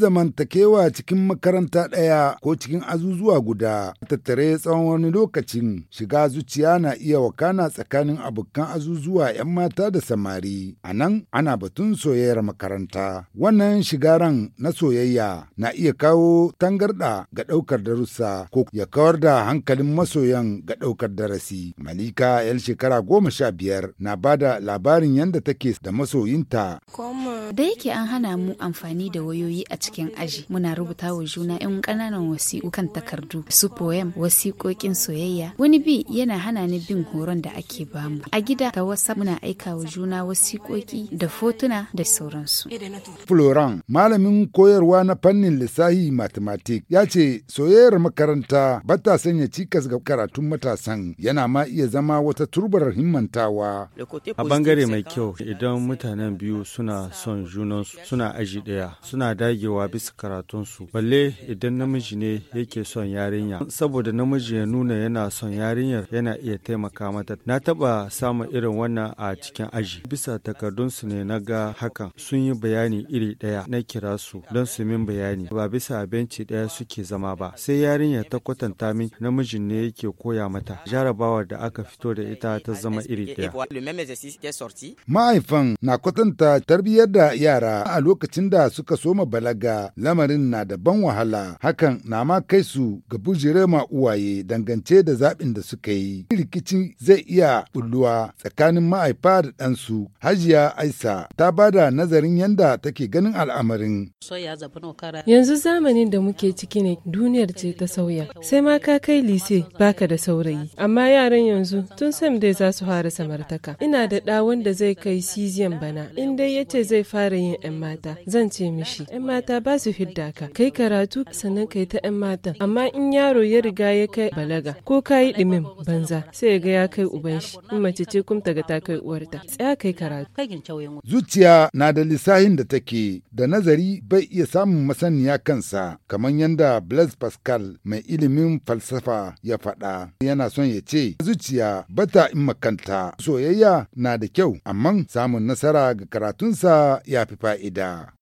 zamantakewa cikin makaranta ɗaya ko cikin azuzuwa guda tattare tsawon wani lokacin shiga zuciya na iya wakana tsakanin abokan azuzuwa 'yan mata da samari a nan ana batun soyayyar makaranta wannan shigaran na soyayya na iya kawo tangarɗa ga ɗaukar darussa ko ya kawar da hankalin masoyan ga ɗaukar darasi malika 'yan shekara goma sha biyar na bada labarin yadda take da masoyinta Koma. da yake an hana mu amfani da wayoyi a cikin aji muna rubuta wa juna yan ƙananan wasiƙu kan takardu su poem wasiƙoƙin soyayya wani bi yana hana ni bin horon da ake bamu a gida ta wasa muna aika wa juna wasiƙoƙi da fotuna da sauransu. Floran malamin koyarwa na fannin lissahi mathematics ya ce soyayyar makaranta ba ta sanya cikas ga karatun matasan yana ma iya zama wata turbar himmantawa. A bangare mai kyau idan mutanen biyu suna son junansu suna aji ɗaya suna dagewa bisa karatunsu balle idan namiji ne yake son yarinya saboda namiji ya nuna yana son yarinyar yana iya taimaka mata na taɓa samun irin wannan a cikin aji bisa takardunsu ne na ga hakan sun yi bayani iri ɗaya na kira su don su min bayani ba bisa benci ɗaya suke zama ba sai yarinya ta kwatanta min namijin ne yake koya mata jarabawar da aka fito da ita ta zama iri ɗaya ma'aifan na kwatanta tarbiyyar da da yara a lokacin da suka soma balaga lamarin na da ban wahala hakan na ma kai su ga bujire ma uwaye dangance da zaɓin da suka yi rikici zai iya bulluwa tsakanin ma'aifa da ɗansu hajiya aisa ta ba da nazarin yadda take ganin al'amarin yanzu zamanin da muke ciki ne duniyar ce ta sauya sai ma ka kai lise baka da saurayi amma yaran yanzu tun sam dai za su fara samartaka ina da ɗa wanda zai kai sizian bana in dai ya ce zai fara yin 'yan mata zan ce mishi 'yan mata ba su fidda ka kai karatu sannan kai ta 'yan matan amma in yaro ya riga ya kai balaga ko ka yi ɗimin banza sai ya ga ya kai uban shi in mace ce kuma taga ta kai uwarta tsaya kai karatu. zuciya na da lissahin da take da nazari bai iya samun masaniya kansa kamar yadda blaise pascal mai ilimin falsafa ya faɗa yana son ya ce zuciya bata in makanta soyayya na da kyau amma samun nasara ga karatunsa ya fi fa'ida.